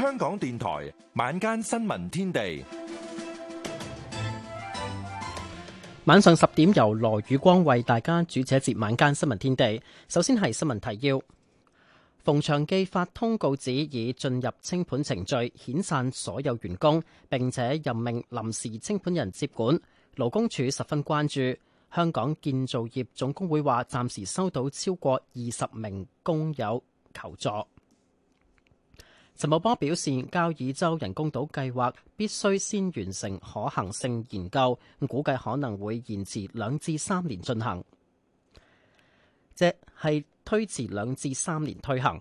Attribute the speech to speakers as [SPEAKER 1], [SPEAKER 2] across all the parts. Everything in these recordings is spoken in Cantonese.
[SPEAKER 1] 香港電台晚間
[SPEAKER 2] 新聞天地，晚上十點由羅宇光為大家主持《節晚間新聞天地》。首先係新聞提要：馮祥記發通告指已進入清盤程序，遣散所有員工，並且任命臨時清盤人接管。勞工處十分關注。香港建造業總工會話，暫時收到超過二十名工友求助。陳茂波表示，交椅洲人工島計劃必須先完成可行性研究，估計可能會延遲兩至三年進行。即係推遲兩至三年推行。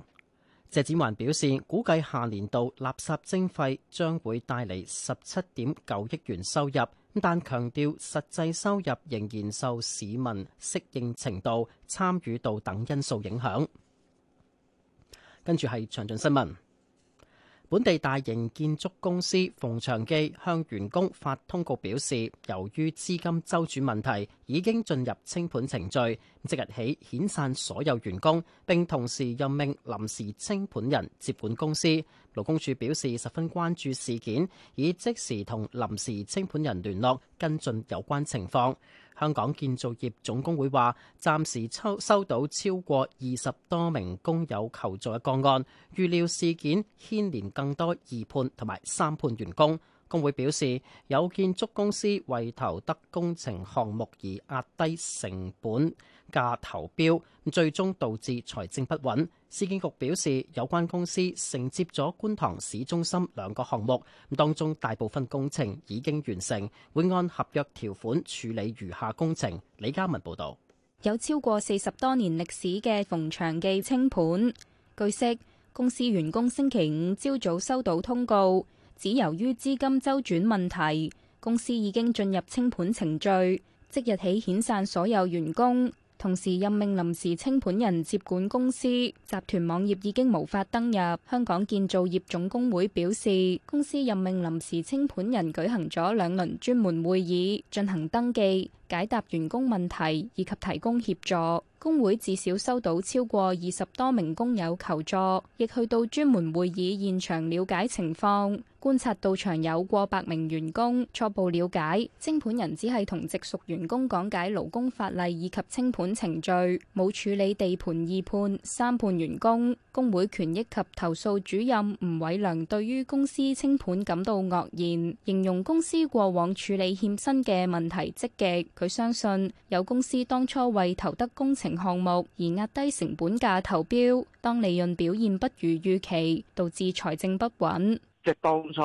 [SPEAKER 2] 謝展寰表示，估計下年度垃圾徵費將會帶嚟十七點九億元收入，但強調實際收入仍然受市民適應程度、參與度等因素影響。跟住係詳盡新聞。本地大型建築公司鳳祥記向員工發通告表示，由於資金周轉問題，已經進入清盤程序，即日起遣散所有員工，並同時任命臨時清盤人接管公司。勞工處表示十分關注事件，已即時同臨時清盤人聯絡跟進有關情況。香港建造業總工會話，暫時抽收到超過二十多名工友求助嘅個案，預料事件牽連更多二判同埋三判員工。工會表示，有建築公司為投得工程項目而壓低成本價投標，最終導致財政不穩。市建局表示，有關公司承接咗觀塘市中心兩個項目，當中大部分工程已經完成，會按合約條款處理餘下工程。李嘉文報導，
[SPEAKER 3] 有超過四十多年歷史嘅逢祥記清盤。據悉，公司員工星期五朝早收到通告，指由於資金周轉問題，公司已經進入清盤程序，即日起遣散所有員工。同時任命臨時清盤人接管公司，集團網頁已經無法登入。香港建造業總工會表示，公司任命臨時清盤人舉行咗兩輪專門會議進行登記。解答員工問題以及提供協助，工會至少收到超過二十多名工友求助，亦去到專門會議現場了解情況，觀察到場有過百名員工。初步了解，清盤人只係同直屬員工講解勞工法例以及清盤程序，冇處理地盤二判、三判員工。工會權益及投訴主任吳偉良對於公司清盤感到愕然，形容公司過往處理欠薪嘅問題積極。佢相信有公司當初為投得工程項目而壓低成本價投標，當利潤表現不如預期，導致財政不穩。
[SPEAKER 4] 即當初。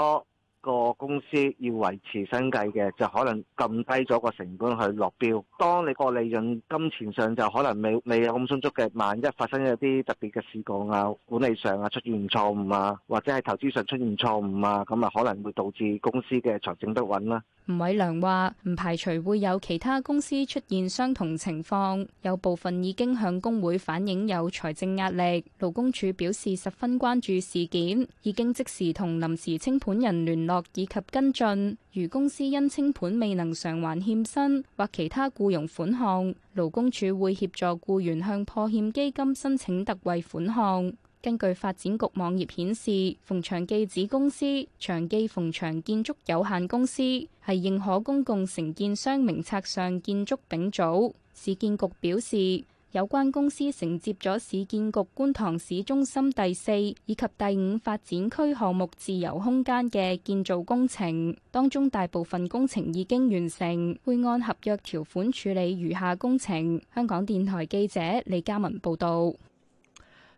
[SPEAKER 4] 個公司要維持生計嘅，就可能撳低咗個成本去落標。當你個利潤金錢上就可能未未有咁充足嘅，萬一發生一啲特別嘅事故啊、管理上啊出現錯誤啊，或者係投資上出現錯誤啊，咁啊可能會導致公司嘅財政不穩啦。
[SPEAKER 3] 吳偉良話唔排除會有其他公司出現相同情況，有部分已經向工會反映有財政壓力。勞工處表示十分關注事件，已經即時同臨時清盤人聯絡。以及跟進，如公司因清盤未能償還欠薪或其他僱傭款項，勞工處會協助僱員向破欠基金申請特惠款項。根據發展局網頁顯示，馮祥記子公司祥記馮祥建築有限公司係認可公共承建商名冊上建築丙組。市建局表示，有關公司承接咗市建局觀塘市中心第四以及第五發展區項目自由空間嘅建造工程，當中大部分工程已經完成，會按合約條款處理餘下工程。香港電台記者李嘉文報道。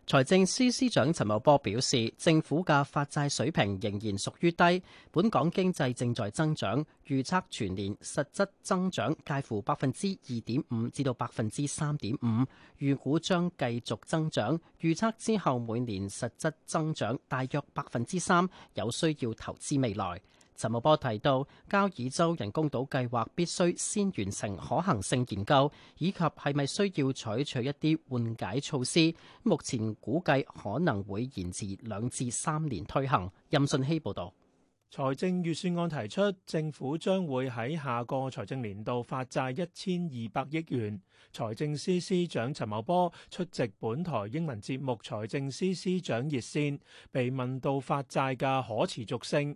[SPEAKER 2] 財政司司長陳茂波表示，政府嘅發債水平仍然屬於低，本港經濟正在增長，預測全年實質增長介乎百分之二點五至到百分之三點五，預估將繼續增長，預測之後每年實質增長大約百分之三，有需要投資未來。陳茂波提到，交椅洲人工島計劃必須先完成可行性研究，以及係咪需要採取，取一啲緩解措施。目前估計可能會延遲兩至三年推行。任信希報道，財
[SPEAKER 5] 政預算案提出，政府將會喺下個財政年度發債一千二百億元。財政司司長陳茂波出席本台英文節目《財政司司長熱線》，被問到發債嘅可持續性。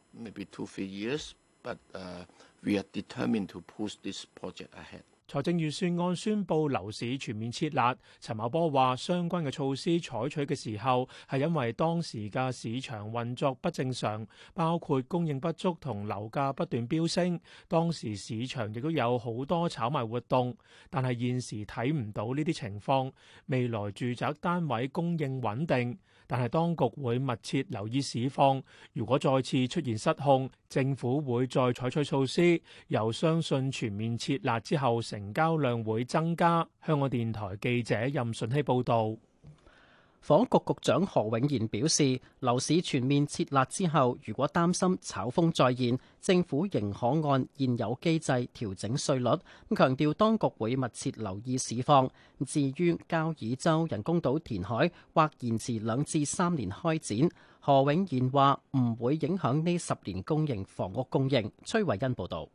[SPEAKER 6] Maybe two, three years, but we are determined to push this project ahead。
[SPEAKER 5] 財政預算案宣布樓市全面設立。陳茂波話，相關嘅措施採取嘅時候，係因為當時嘅市場運作不正常，包括供應不足同樓價不斷飆升。當時市場亦都有好多炒賣活動，但係現時睇唔到呢啲情況。未來住宅單位供應穩定。但係當局會密切留意市況，如果再次出現失控，政府會再採取措施。又相信全面撤辣之後，成
[SPEAKER 2] 交量會增加。香港電台記者任順希報導。房局局長何永賢表示，樓市全面設立之後，如果擔心炒風再現，政府仍可按現有機制調整稅率，咁強調當局會密切留意市況。至於交椅洲人工島填海或延遲兩至三年開展，何永賢話唔會影響呢十年
[SPEAKER 7] 供應房屋供應。崔慧恩報道。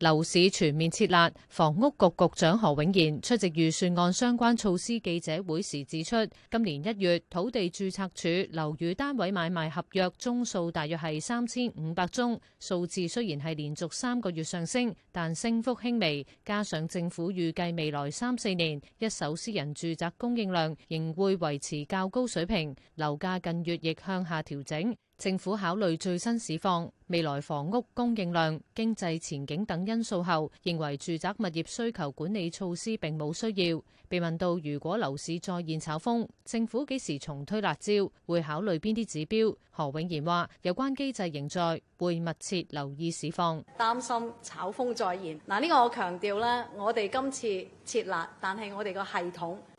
[SPEAKER 7] 樓市全面設立，房屋局局長何永賢出席預算案相關措施記者會時指出，今年一月土地注冊處樓宇單位買賣合約宗數大約係三千五百宗，數字雖然係連續三個月上升，但升幅輕微。加上政府預計未來三四年一手私人住宅供應量仍會維持較高水平，樓價近月亦向下調整。政府考慮最新市況，未來房屋供應量，經濟前景等因素後，認為住宅物業需求管理措施並冇需要。被問到如果樓市再現炒風，政府幾時重推辣招，會考慮邊啲指標，何永賢話有關機制仍在，會密切留意市
[SPEAKER 8] 況。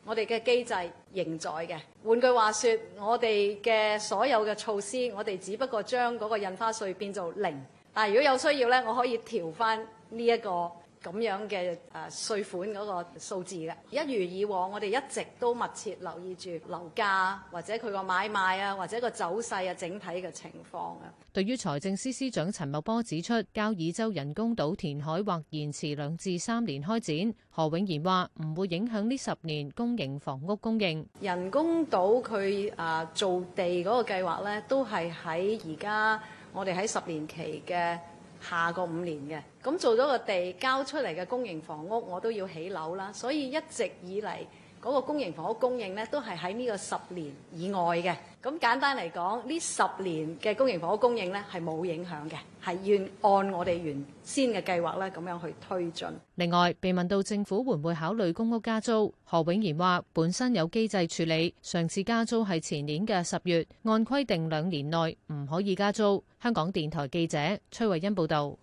[SPEAKER 8] 我哋嘅機制仍在嘅。換句話說，說我哋嘅所有嘅措施，我哋只不過將嗰個印花稅變做零。但係如果有需要咧，我可以調翻呢一個。咁樣嘅誒稅款嗰個數字嘅，一如以往，我哋一直都密切留意住樓價或者佢個買賣啊，或者個走勢啊，整體嘅情況啊。
[SPEAKER 7] 對於財政司司，司長陳茂波指出，交椅洲人工島填海或延遲兩至三年開展，何永賢話唔會影響呢十年公營房屋供應。
[SPEAKER 8] 人工島佢誒造地嗰個計劃咧，都係喺而家我哋喺十年期嘅。下個五年嘅，咁做咗個地交出嚟嘅公營房屋，我都要起樓啦，所以一直以來。嗰個公營房屋供應咧，都係喺呢個十年以外嘅。咁簡單嚟講，呢十年嘅公營房屋供應咧，係冇影響嘅，係要按我哋原先嘅計劃咧，咁樣去推進。
[SPEAKER 7] 另外，被問到政府會唔會考慮公屋加租，何永賢話本身有機制處理，上次加租係前年嘅十月，按規定兩年內唔可以加租。香港電台記者崔慧欣報道。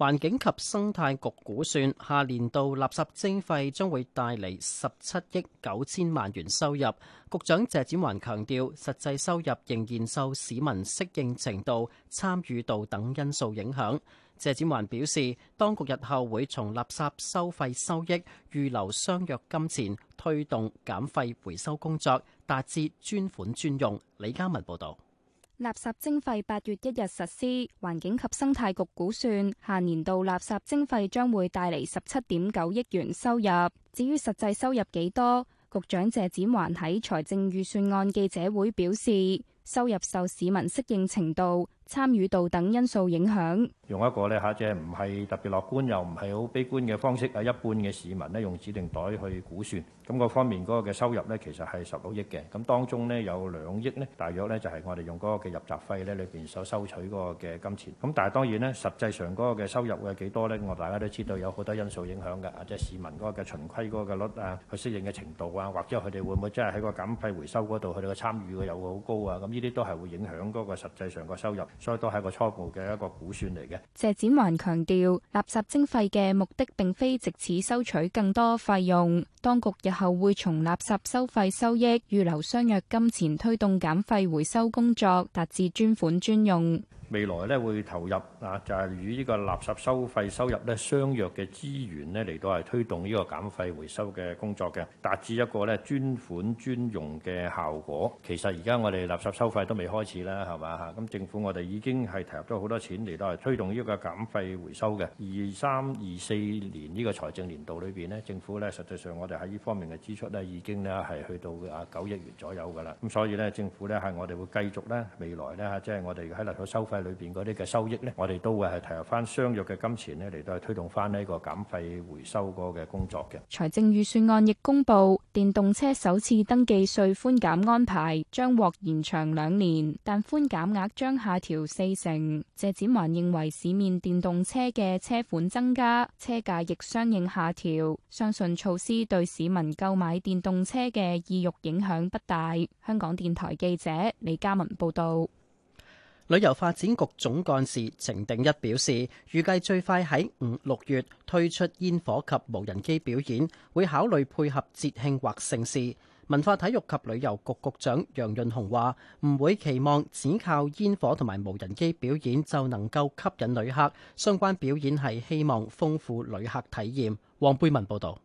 [SPEAKER 2] 環境及生態局估算，下年度垃圾徵費將會帶嚟十七億九千萬元收入。局長謝展環強調，實際收入仍然受市民適應程度、參與度等因素影響。謝展環表示，當局日後會從垃圾收費收益預留相約金錢，推動減費回收工作，達至專款專用。李嘉文報導。
[SPEAKER 3] 垃圾徵費八月一日實施，環境及生態局估算，下年度垃圾徵費將會帶嚟十七點九億元收入。至於實際收入幾多，局長謝展寰喺財政預算案記者會表示，收入受市民適應程度，參與度等因素影響，
[SPEAKER 1] 用一個咧嚇，即係唔係特別樂觀又唔係好悲觀嘅方式啊。一般嘅市民咧，用指定袋去估算，咁個方面嗰個嘅收入咧，其實係十六億嘅。咁當中咧有兩億咧，大約咧就係我哋用嗰個嘅入閘費咧裏邊所收取嗰個嘅金錢。咁但係當然咧，實際上嗰個嘅收入會有幾多咧？我大家都知道有好多因素影響㗎，即係市民嗰個嘅循規嗰個率啊，佢適應嘅程度啊，或者佢哋會唔會真係喺個減費回收嗰度佢哋嘅參與會有好高啊？咁呢啲都係會影響嗰個實際上個收入。所以都係一個初步嘅一個估算嚟嘅。
[SPEAKER 3] 謝展寰強調，垃圾徵費嘅目的並非藉此收取更多費用，當局日後會從垃圾收費收益預留相若金錢推動減廢回收工作，達至專款專用。
[SPEAKER 1] 未來咧會投入啊，就係與呢個垃圾收費收入咧相約嘅資源咧嚟到係推動呢個減費回收嘅工作嘅，達至一個咧專款專用嘅效果。其實而家我哋垃圾收費都未開始啦，係嘛嚇？咁政府我哋已經係投入咗好多錢嚟到係推動呢個減費回收嘅。二三二四年呢個財政年度裏邊咧，政府咧實際上我哋喺呢方面嘅支出咧已經咧係去到啊九億元左右㗎啦。咁所以咧，政府咧係我哋會繼續咧未來咧即係我哋喺垃圾收費裏邊嗰啲嘅收益咧，我哋都會係投入翻相約嘅金錢咧嚟到係推動翻呢個減費回收個嘅工作嘅。
[SPEAKER 3] 財政預算案亦公布，電動車首次登記稅寬減安排將獲延長兩年，但寬減額，額將下調四成。謝展寰認為市面電動車嘅車款增加，車價亦相應下調，相信措施對市民購買電動車嘅意欲影響不大。香港電台記者李嘉文報道。
[SPEAKER 2] 旅遊發展局總幹事程定一表示，預計最快喺五六月推出煙火及無人機表演，會考慮配合節慶或盛事。文化體育及旅遊局局長楊潤雄話：唔會期望只靠煙火同埋無人機表演就能夠吸引旅客，相關表演係希望豐富旅客體驗。黃貝文報導。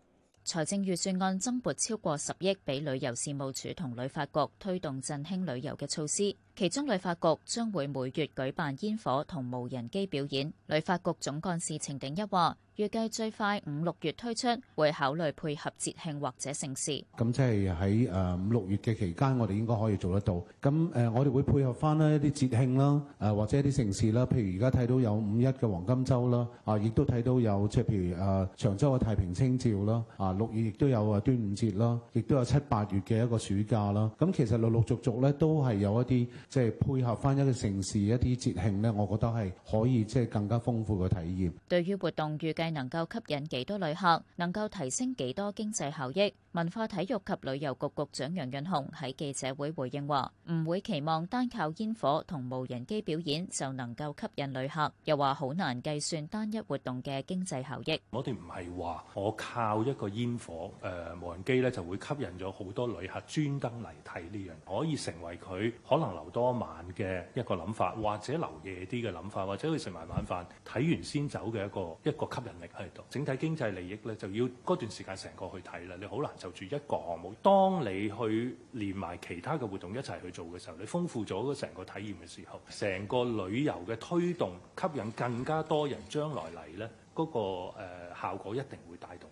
[SPEAKER 9] 財政預算案增撥超過十億俾旅遊事務署同旅發局推動振興旅遊嘅措施。其中旅發局將會每月舉辦煙火同無人機表演。旅發局總幹事程鼎一話：預計最快五六月推出，會考慮配合節慶或者盛事。
[SPEAKER 5] 咁即係喺誒五六月嘅期間，我哋應該可以做得到。咁誒，我哋會配合返一啲節慶啦，誒或者一啲盛事啦。譬如而家睇到有五一嘅黃金周啦，啊，亦都睇到有即係譬如誒長洲嘅太平清醮啦，啊六月亦都有啊端午節啦，亦都有七八月嘅一個暑假啦。咁其實陸陸續續咧都係有一啲。即係配合翻一個城市一啲節慶呢，我覺得係可以即係更加豐富嘅體驗。
[SPEAKER 9] 對於活動預計能夠吸引幾多旅客，能夠提升幾多經濟效益，文化體育及旅遊局局長楊潤雄喺記者會回應話：唔會期望單靠煙火同無人機表演就能夠吸引旅客。又話好難計算單一活動嘅經濟效益。我哋
[SPEAKER 5] 唔係話我靠一個煙火誒、呃、無人機呢就會吸引咗好多旅客專登嚟睇呢樣，可以成為佢可能留多多晚嘅一個諗法，或者留夜啲嘅諗法，或者去食埋晚飯睇完先走嘅一個一個吸引力喺度。整體經濟利益咧，就要嗰段時間成個去睇啦。你好難就住一個項目。當你去連埋其他嘅活動一齊去做嘅時候，你豐富咗個成個體驗嘅時候，成個旅遊嘅推動吸引更加多人將來嚟咧，嗰個誒效果一定會帶動。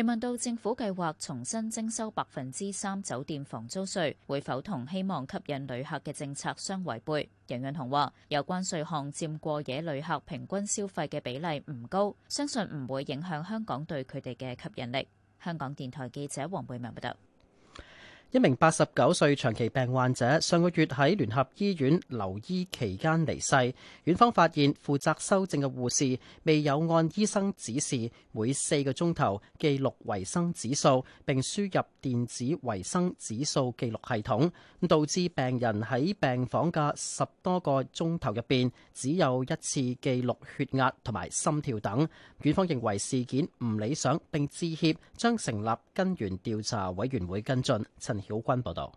[SPEAKER 9] 被問到政府計劃重新徵收百分之三酒店房租稅，會否同希望吸引旅客嘅政策相違背，楊潤雄話：有關稅項佔過夜旅客平均消費嘅比例唔高，相信唔會影響香港對佢哋嘅吸引力。香港電台記者黃貝明報道。
[SPEAKER 2] 一名八十九歲長期病患者上個月喺聯合醫院留醫期間離世，院方發現負責修正嘅護士未有按醫生指示每四個鐘頭記錄維生指數，並輸入電子維生指數記錄系統，導致病人喺病房嘅十多個鐘頭入邊只有一次記錄血壓同埋心跳等。院方認為事件唔理想，並致歉，將成立根源調查委員會跟進。曉君報道，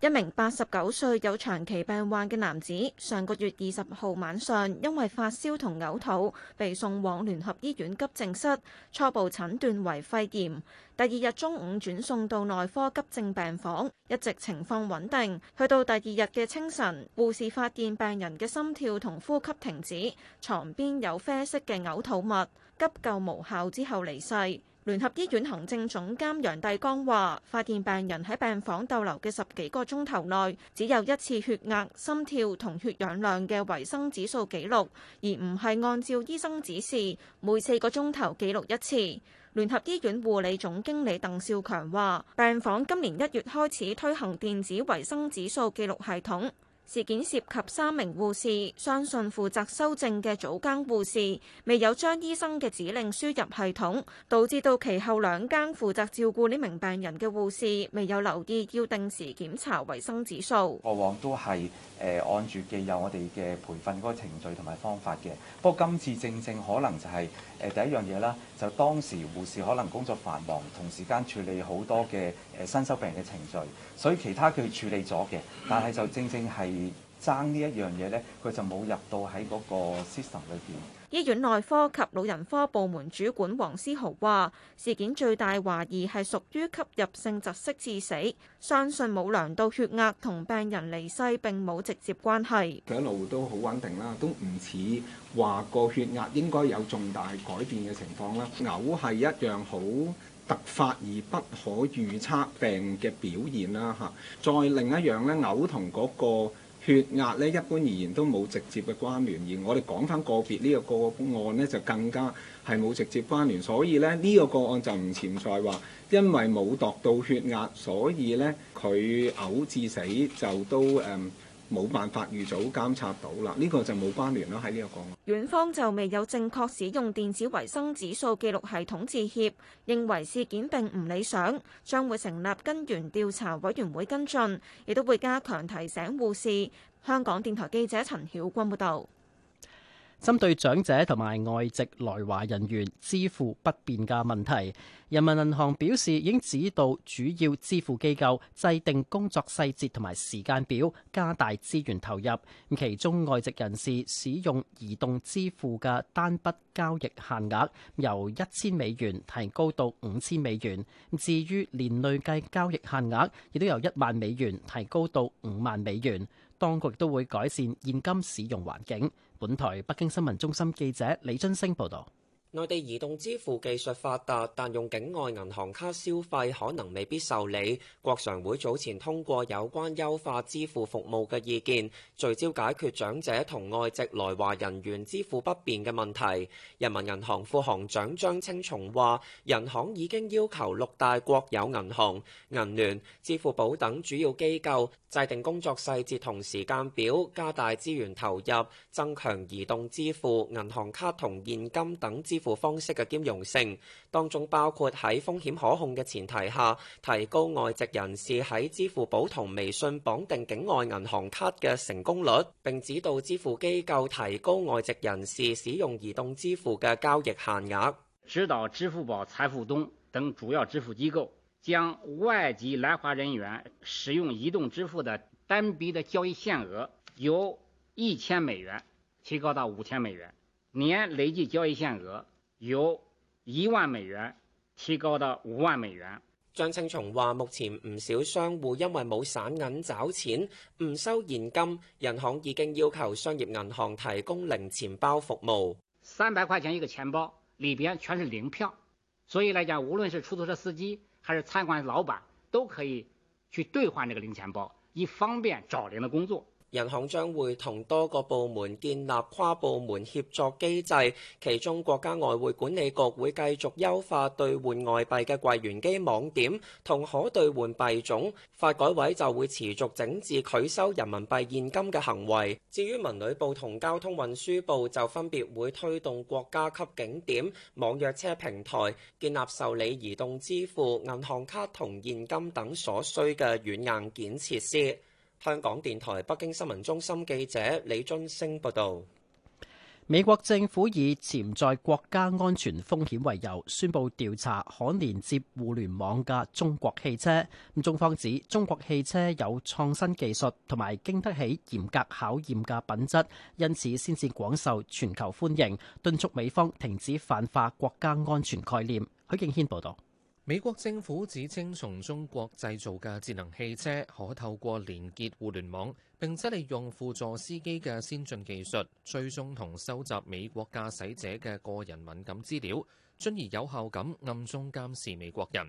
[SPEAKER 10] 一名八十九歲有長期病患嘅男子，上個月二十號晚上因為發燒同嘔吐，被送往聯合醫院急症室，初步診斷為肺炎。第二日中午轉送到內科急症病房，一直情況穩定。去到第二日嘅清晨，護士發現病人嘅心跳同呼吸停止，床邊有啡色嘅嘔吐物，急救無效之後離世。聯合醫院行政總監楊諦岡話，發現病人喺病房逗留嘅十幾個鐘頭內，只有一次血壓、心跳同血氧量嘅維生指數記錄，而唔係按照醫生指示，每四個鐘頭記錄一次。聯合醫院護理總經理鄧少強話，病房今年一月開始推行電子維生指數記錄系統。事件涉及三名護士，相信負責修正嘅早更護士未有將醫生嘅指令輸入系統，導致到其後兩間負責照顧呢名病人嘅護士未有留意要定時檢查維生指數，
[SPEAKER 11] 過往都係誒按住既有我哋嘅培訓嗰個程序同埋方法嘅，不過今次正正可能就係、是。誒第一樣嘢啦，就當時護士可能工作繁忙，同時間處理好多嘅誒新收病人嘅程序，所以其他佢處理咗嘅，但係就正正係爭呢一樣嘢呢，佢就冇入到喺嗰個 system 裏邊。
[SPEAKER 10] 醫院內科及老人科部門主管黃思豪話：事件最大懷疑係屬於吸入性窒息致死，相信冇量到血壓，同病人離世並冇直接關係。
[SPEAKER 11] 佢一路都好穩定啦，都唔似話個血壓應該有重大改變嘅情況啦。嘔係一樣好突發而不可預測病嘅表現啦嚇。再另一樣咧，嘔同嗰個血壓咧一般而言都冇直接嘅關聯，而我哋講翻個別呢、呢個個案咧就更加係冇直接關聯，所以咧呢、呢個個案就唔存在話，因為冇度到血壓，所以咧佢嘔致死就都誒。Um, 冇辦法預早監察到啦，呢個就冇關聯啦。喺呢個
[SPEAKER 10] 方面，院方就未有正確使用電子衞生指數記錄系統致歉，認為事件並唔理想，將會成立根源調查委員會跟進，亦都會加強提醒護士。香港電台記者陳曉君報道。
[SPEAKER 2] 針對長者同埋外籍來華人員支付不便嘅問題，人民銀行表示已經指導主要支付機構制定工作細節同埋時間表，加大資源投入。其中，外籍人士使用移動支付嘅單筆交易限額由一千美元提高到五千美元。至於年累計交易限額，亦都由一萬美元提高到五萬美元。當局亦都會改善現金使用環境。本台北京新聞中心記者李津升報道。
[SPEAKER 12] 內地移動支付技術發達，但用境外銀行卡消費可能未必受理。國常會早前通過有關優化支付服務嘅意見，聚焦解決長者同外籍來華人員支付不便嘅問題。人民銀行副行長張青松話，銀行已經要求六大國有銀行、銀聯、支付寶等主要機構制定工作細節同時間表，加大資源投入，增強移動支付、銀行卡同現金等支付付方式嘅兼容性，當中包括喺風險可控嘅前提下，提高外籍人士喺支付寶同微信綁定境外銀行卡嘅成功率，並指導支付機構提高外籍人士使用移動支付嘅交易限額。指導支付寶、財付通等主要支付機構，將外籍來華人員使用移動支付嘅單筆嘅交易限額由一千美元提高到五千美元，年累計交易限額，由一萬美元提高到五萬美元。張青松話：目前唔少商戶因為冇散銀找錢，唔收現金，銀行已經要求商業銀行提供零錢包服務。三百塊錢一個錢包，裏邊全是零票，所以來講，無論是出租車司機還是餐館老闆，都可以去兌換這個零錢包，以方便找零的工作。人行將會同多個部門建立跨部門協作機制，其中國家外匯管理局會繼續優化兌換外幣嘅櫃員機網點同可兌換幣種，發改委就會持續整治拒收人民幣現金嘅行為。至於文旅部同交通運輸部就分別會推動國家級景點網約車平台建立受理移動支付、銀行卡同現金等所需嘅軟硬件設施。香港電台北京新聞中心記者李津升報道：
[SPEAKER 2] 美國政府以潛在國家安全風險為由，宣布調查可連接互聯網嘅中國汽車。咁中方指，中國汽車有創新技術同埋經得起嚴格考驗嘅品質，因此先至廣受全球歡迎，敦促美方停止泛化國家安全概念。許敬軒報道。美國政府指稱，從中國製造嘅智能汽車可透過
[SPEAKER 13] 連結互聯網，並且利用輔助司機嘅先進技術，追蹤同收集美國駕駛者嘅個人敏感資料，進而有效咁暗中監視美國人。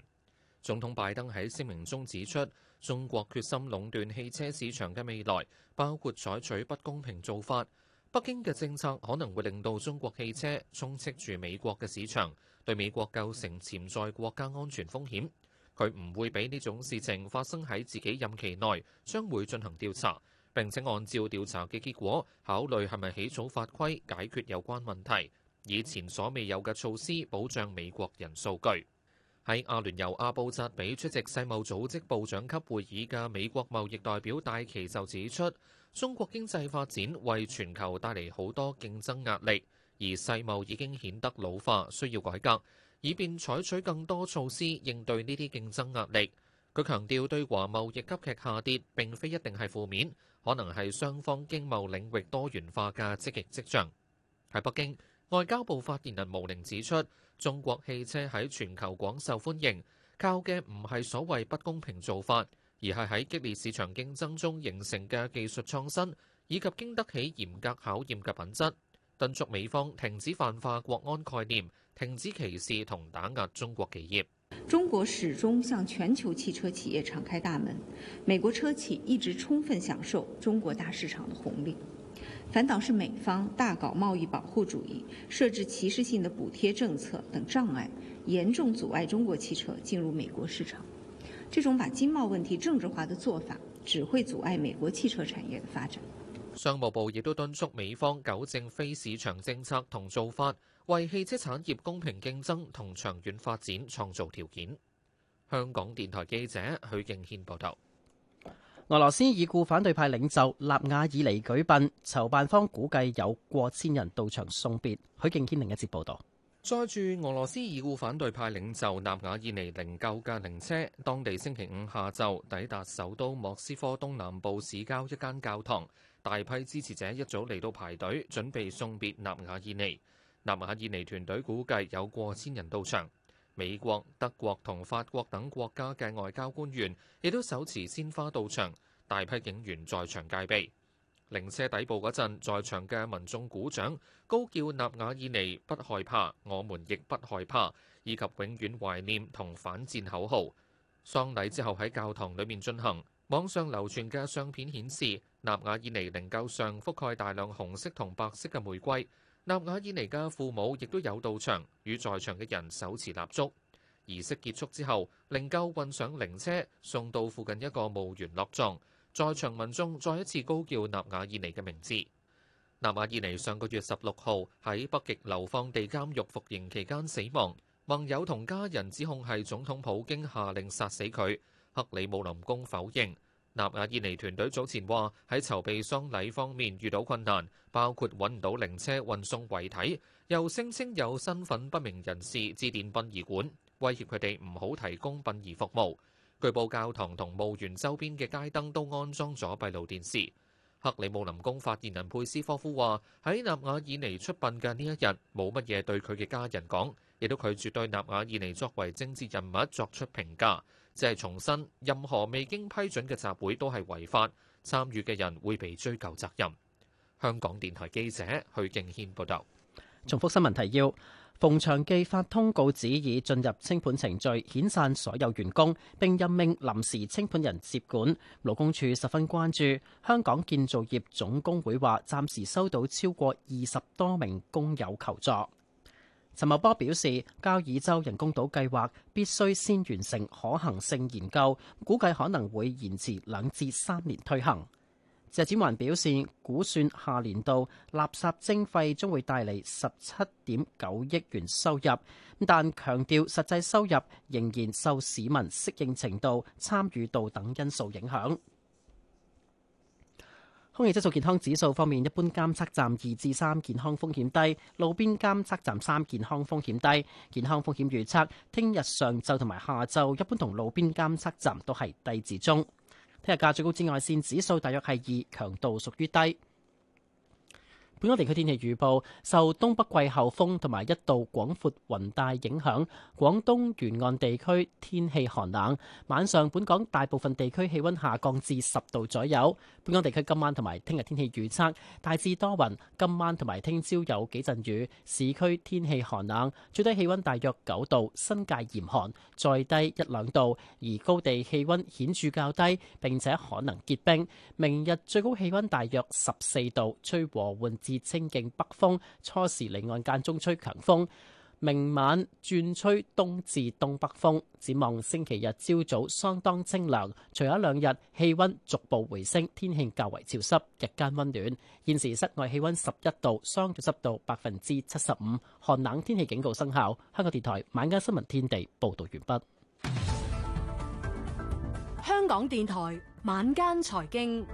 [SPEAKER 13] 總統拜登喺聲明中指出，中國決心壟斷汽車市場嘅未來，包括採取不公平做法。北京嘅政策可能會令到中國汽車充斥住美國嘅市場。對美國構成潛在國家安全風險，佢唔會俾呢種事情發生喺自己任期內，將會進行調查，並且按照調查嘅結果考慮係咪起草法規解決有關問題，以前所未有嘅措施保障美國人數據。喺阿聯酋阿布扎比出席世貿組織部長級會議嘅美國貿易代表戴奇就指出，中國經濟發展為全球帶嚟好多競爭壓力。而世貿已經顯得老化，需要改革，以便採取更多措施應對呢啲競爭壓力。佢強調，對華貿易急劇下跌並非一定係負面，可能係雙方經貿領域多元化嘅積極跡象。喺北京，外交部發言人毛寧指出，中國汽車喺全球廣受歡迎，靠嘅唔係所謂不公平做法，而係喺激烈市場競爭中形成嘅技術創新，以及經得起嚴格考驗嘅品質。敦促美方停止泛化國安概念，停止歧視同打壓中國企業。
[SPEAKER 10] 中國始終向全球汽車企業敞開大門，美國車企一直充分享受中國大市場的紅利，反倒是美方大搞貿易保護主義，設置歧視性的補貼政策等障礙，嚴重阻礙中國汽車進入美國市場。這種把經貿問題政治化的做法，只會阻礙美國汽車產業的發展。
[SPEAKER 13] 商務部亦都敦促美方糾正非市場政策同做法，為汽車產業公平競爭同長遠發展創造條件。香港電台記者許敬軒報道。
[SPEAKER 2] 俄羅斯已故反對派領袖納瓦爾尼舉殯，籌辦方估計有過千人到場送別。許敬軒另一節報道，
[SPEAKER 13] 載住俄羅斯已故反對派領袖納瓦爾尼靈柩嘅靈車，當地星期五下晝抵達首都莫斯科東南部市郊一間教堂。大批支持者一早嚟到排隊，準備送別納瓦爾尼。納瓦爾尼團隊估計有過千人到場，美國德國同法國等國家嘅外交官員亦都手持鮮花到場，大批警員在場戒備，靈車抵步嗰陣，在場嘅民眾鼓掌、高叫納瓦爾尼不害怕，我們亦不害怕，以及永遠懷念同反戰口號。喪禮之後喺教堂裏面進行。網上流傳嘅相片顯示，納瓦爾尼靈柩上覆蓋大量紅色同白色嘅玫瑰，納瓦爾尼嘅父母亦都有到場，與在場嘅人手持蠟燭。儀式結束之後，靈柩運上靈車，送到附近一個墓園落葬。在場民眾再一次高叫納瓦爾尼嘅名字。納瓦爾尼上個月十六號喺北極流放地監獄服刑期間死亡，盟友同家人指控係總統普京下令殺死佢，克里姆林宮否認。納瓦爾尼團隊早前話喺籌備喪禮方面遇到困難，包括搵唔到靈車運送遺體，又聲稱有身份不明人士致電殯儀館，威脅佢哋唔好提供殯儀服務。據報教堂同墓園周邊嘅街燈都安裝咗閉路電視。克里姆林宮發言人佩斯科夫話：喺納瓦爾尼出殯嘅呢一日，冇乜嘢對佢嘅家人講，亦都拒絕對納瓦爾尼作為政治人物作出評價。即係重申，任何未經批准嘅集會都係違法，參與嘅人會被追究責任。香港電台記者許敬軒報
[SPEAKER 2] 導。重複新聞提要。逢長記發通告指已進入清盤程序，遣散所有員工，並任命臨時清盤人接管。勞工處十分關注。香港建造業總工會話，暫時收到超過二十多名工友求助。陳茂波表示，交椅洲人工島計劃必須先完成可行性研究，估計可能會延遲兩至三年推行。謝展寰表示，估算下年度垃圾徵費將會帶嚟十七點九億元收入，但強調實際收入仍然受市民適應程度、參與度等因素影響。空氣質素健康指數方面，一般監測站二至三，健康風險低；路邊監測站三，健康風險低。健康風險預測，聽日上晝同埋下晝，一般同路邊監測站都係低至中。聽日嘅最高紫外線指數大約係二，強度屬於低。本港地區天氣預報，受東北季候風同埋一道廣闊雲帶影響，廣東沿岸地區天氣寒冷，晚上本港大部分地區氣溫下降至十度左右。本港地區今晚同埋聽日天氣預測大致多雲，今晚同埋聽朝有幾陣雨，市區天氣寒冷，最低氣溫大約九度，新界嚴寒，再低一兩度，而高地氣溫顯著較低，並且可能結冰。明日最高氣溫大約十四度，吹和緩至清勁北風，初時離岸間中吹強風。明晚轉吹東至東北風，展望星期日朝早相當清涼，除咗一兩日氣溫逐步回升，天氣較為潮濕，日間溫暖。現時室外氣溫十一度，相對濕度百分之七十五，寒冷天氣警告生效。香港電台晚間新聞天地報道完畢。
[SPEAKER 8] 香港電台晚間財經。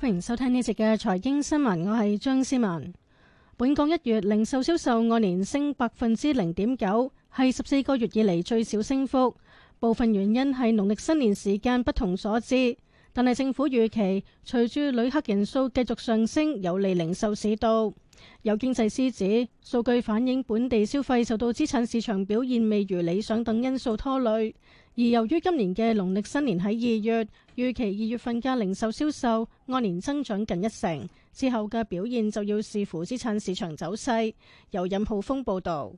[SPEAKER 14] 歡迎收聽呢集嘅財經新聞，我係張思文。本港一月零售銷售按年升百分之零點九，係十四個月以嚟最少升幅。部分原因係農曆新年時間不同所致，但係政府預期隨住旅客人數繼續上升，有利零售市道。有經濟師指，數據反映本地消費受到資產市場表現未如理想等因素拖累。而由於今年嘅農曆新年喺二月，預期二月份嘅零售銷售按年增長近一成，之後嘅表現就要視乎資產市場走勢。由任浩峯報導。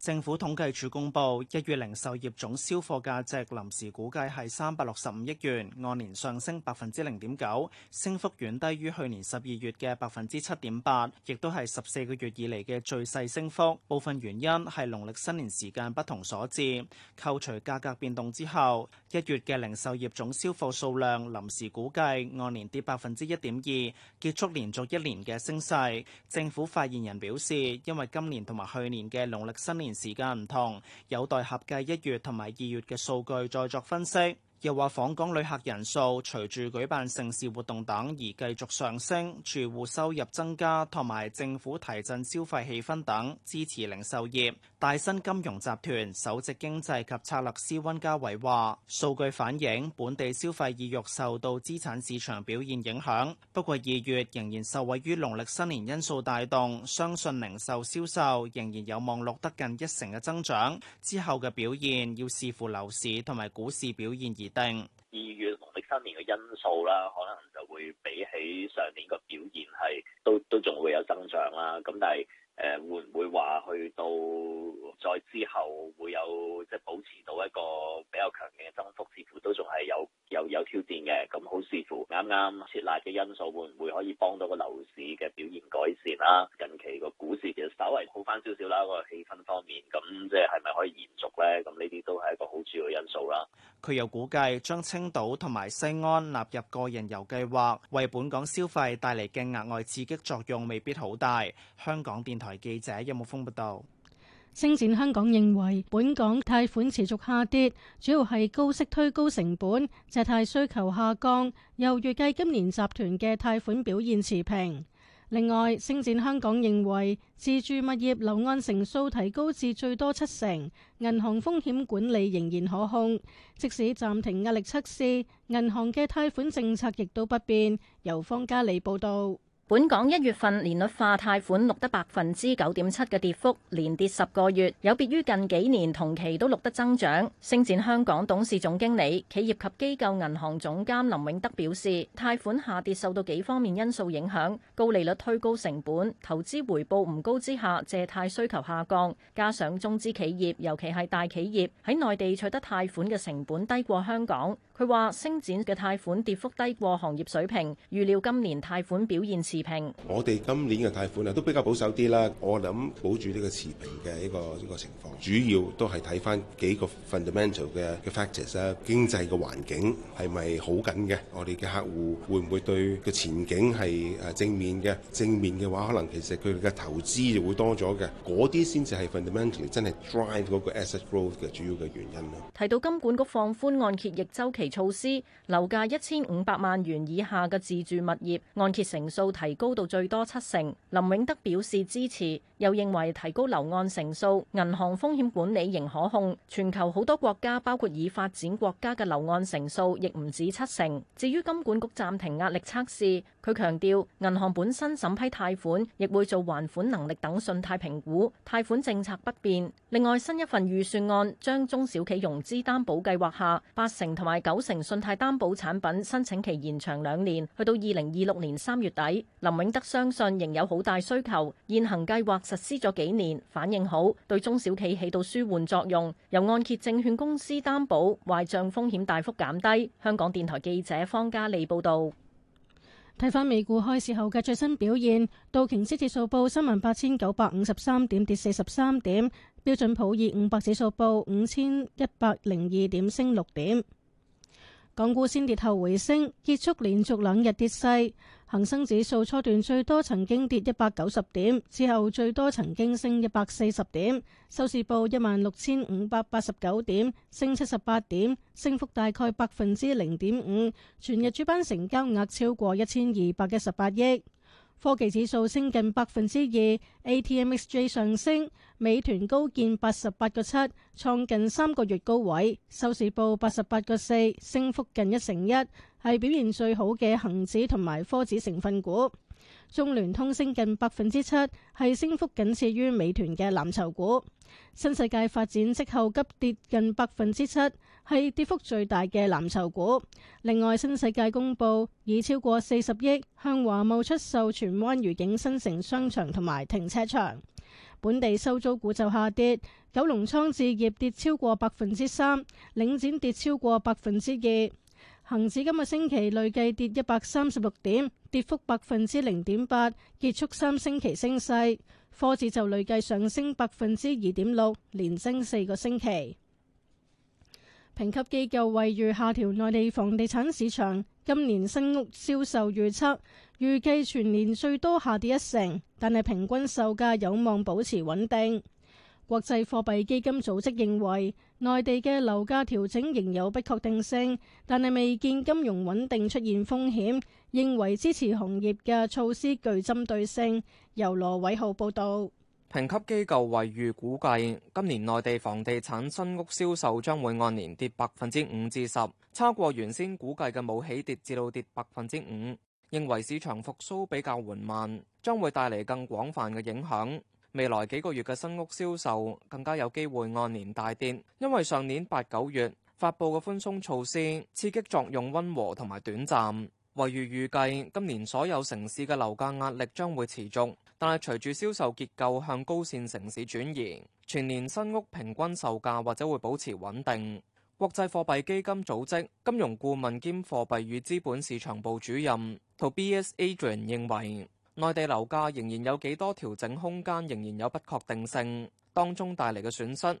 [SPEAKER 11] 政府統計處公布一月零售業總銷貨價值臨時估計係三百六十五億元，按年上升百分之零點九，升幅遠低於去年十二月嘅百分之七點八，亦都係十四個月以嚟嘅最細升幅。部分原因係農曆新年時間不同所致。扣除價格變動之後，一月嘅零售業總銷貨數量臨時估計按年跌百分之一點二，結束連續一年嘅升勢。政府發言人表示，因為今年同埋去年嘅農曆新年時間唔同，有待合計一月同埋二月嘅數據再作分析。又話訪港旅客人數隨住舉辦盛事活動等而繼續上升，住戶收入增加，同埋政府提振消費氣氛等，支持零售業。大新金融集團首席經濟及策略師溫家偉話，數據反映本地消費意欲受到資產市場表現影響，不過二月仍然受惠於農曆新年因素帶動，相信零售銷售，售仍然有望錄得近一成嘅增長，之後嘅表現要視乎樓市同埋股市表現而定。
[SPEAKER 12] 二月農曆新年嘅因素啦，可能就會比起上年個表現係都都仲會有增長啦。咁但係誒會唔會話去到再之後會有即係保持到一個比較強勁嘅增幅，似乎都仲係有又有，有挑戰嘅。咁、嗯、好似乎啱啱設立嘅因素會唔會可以幫到個樓市嘅表現改善啦、啊？近期個股市其實稍為好翻少少啦，這個氣氛方面，咁、嗯、即係係咪可以延續咧？咁呢啲都係一個好主要因素啦。
[SPEAKER 11] 佢又估計將青島同埋西安納入個人遊計劃，為本港消費帶嚟嘅額外刺激作用未必好大。香港電台記者邱木峰報道。
[SPEAKER 14] 星展香港認為本港貸款持續下跌，主要係高息推高成本、借貸需求下降，又預計今年集團嘅貸款表現持平。另外，星展香港認為自住物業樓按成數提高至最多七成，銀行風險管理仍然可控。即使暫停壓力測試，銀行嘅貸款政策亦都不變。由方家利報道。本港一月份年率化貸款錄得百分之九點七嘅跌幅，
[SPEAKER 15] 連跌十個月，有別於近幾年同期都錄得增長。星展香港董事總經理、企業及機構銀行總監林永德表示，貸款下跌受到幾方面因素影響，高利率推高成本，投資回報唔高之下，借貸需求下降，加上中資企業，尤其係大企業喺內地取得貸款嘅成本低過香港。佢話，星展嘅貸款跌幅低過行業水平，預料今年貸款表現持持平。
[SPEAKER 5] 我哋今年嘅貸款啊，都比較保守啲啦。我諗保住呢個持平嘅一個呢個情況，主要都係睇翻幾個 fundamental 嘅嘅 factors 啊，經濟嘅環境係咪好緊嘅？我哋嘅客戶會唔會對個前景係誒正面嘅？正面嘅話，可能其實佢哋嘅投資就會多咗嘅。嗰啲先至係 fundamentally 真係 drive 嗰個 asset growth 嘅主要嘅原因咯。
[SPEAKER 15] 提到金管局放寬按揭逆週期措施，樓價一千五百萬元以下嘅自住物業，按揭成數提供提供。提提高到最多七成，林永德表示支持，又認為提高樓按成數，銀行風險管理仍可控。全球好多國家，包括已發展國家嘅樓按成數亦唔止七成。至於金管局暫停壓力測試。佢強調，銀行本身審批貸款，亦會做還款能力等信貸評估，貸款政策不變。另外，新一份預算案將中小企融資擔保計劃下八成同埋九成信貸擔保產品申請期延長兩年，去到二零二六年三月底。林永德相信仍有好大需求，現行計劃實施咗幾年，反應好，對中小企起到舒緩作用。由按揭證券公司擔保，壞賬
[SPEAKER 14] 風險大幅減低。香港電台記者方嘉利報導。睇翻美股開市後嘅最新表現，道瓊斯指數報三萬八千九百五十三點，跌四十三點；標準普爾五百指數報五千一百零二點，升六點。港股先跌後回升，結束連續兩日跌勢。恒生指數初段最多曾經跌一百九十點，之後最多曾經升一百四十點，收市報一萬六千五百八十九點，升七十八點，升幅大概百分之零點五。全日主板成交額超過一千二百一十八億。科技指數升近百分之二，ATMXJ 上升，美團高見八十八個七，創近三個月高位，收市報八十八個四，升幅近一成一，係表現最好嘅恒指同埋科指成分股。中聯通升近百分之七，係升幅僅次於美團嘅藍籌股。新世界發展息後急跌近百分之七。係跌幅最大嘅藍籌股。另外，新世界公布已超過四十億向華懋出售荃灣愉景新城商場同埋停車場。本地收租股就下跌，九龍倉置業跌，跌超過百分之三，領展跌，跌超過百分之二。恒指今個星期累計跌一百三十六點，跌幅百分之零點八，結束三星期升勢。科指就累計上升百分之二點六，連升四個星期。評級機構惠譽下調內地房地產市場今年新屋銷售預測，預計全年最多下跌一成，但係平均售價有望保持穩定。國際貨幣基金組織認為，內地嘅樓價調整仍有不確定性，但係未見金融穩定出現風險，認為支持行業嘅措施具針對性。由羅偉浩報道。
[SPEAKER 4] 評級機構惠譽估計，今年內地房地產新屋銷售將會按年跌百分之五至十，差過原先估計嘅冇起跌至到跌百分之五，認為市場復蘇比較緩慢，將會帶嚟更廣泛嘅影響。未來幾個月嘅新屋銷售更加有機會按年大跌，因為上年八九月發布嘅寬鬆措施刺激作用溫和同埋短暫。惠譽預計今年所有城市嘅樓價壓力將會持續。但係隨住銷售結構向高線城市轉移，全年新屋平均售價或者會保持穩定。國際貨幣基金組織金融顧問兼貨幣與資本市場部主任 Tobias Adrian 認為，內地樓價仍然有幾多調整空間，仍然有不確定性，當中帶嚟嘅損失。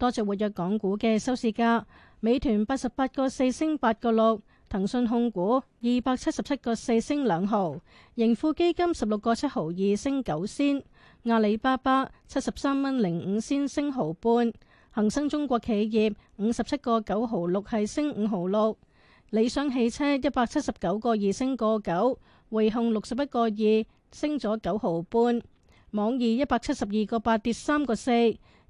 [SPEAKER 14] 多隻活躍港股嘅收市價，美團八十八個四升八個六，騰訊控股二百七十七個四升兩毫，盈富基金十六個七毫二升九仙，阿里巴巴七十三蚊零五仙升毫半，恒生中國企業五十七個九毫六係升五毫六，理想汽車一百七十九個二升個九，匯控六十一個二升咗九毫半，網易一百七十二個八跌三個四。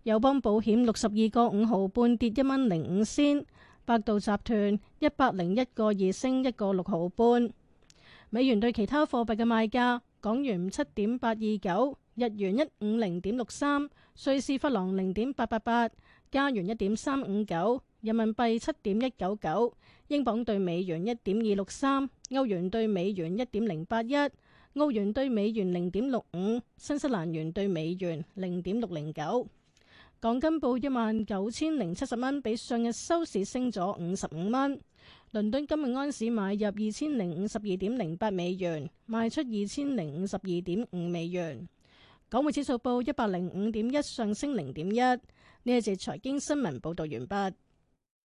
[SPEAKER 14] 友邦保險六十二個五毫半跌一蚊零五仙，百度集團一百零一個二升一個六毫半。美元對其他貨幣嘅賣價：港元七點八二九，日元一五零點六三，瑞士法郎零點八八八，加元一點三五九，人民幣七點一九九，英鎊對美元一點二六三，歐元對美元一點零八一，澳元對美元零點六五，新西蘭元對美元零點六零九。港金報一萬九千零七十蚊，比上日收市升咗五十五蚊。倫敦今日安市買入二千零五十二點零八美元，賣出二千零五十二點五美元。港匯指數報一百零五點一，上升零點一。呢一節財經新聞報道完畢。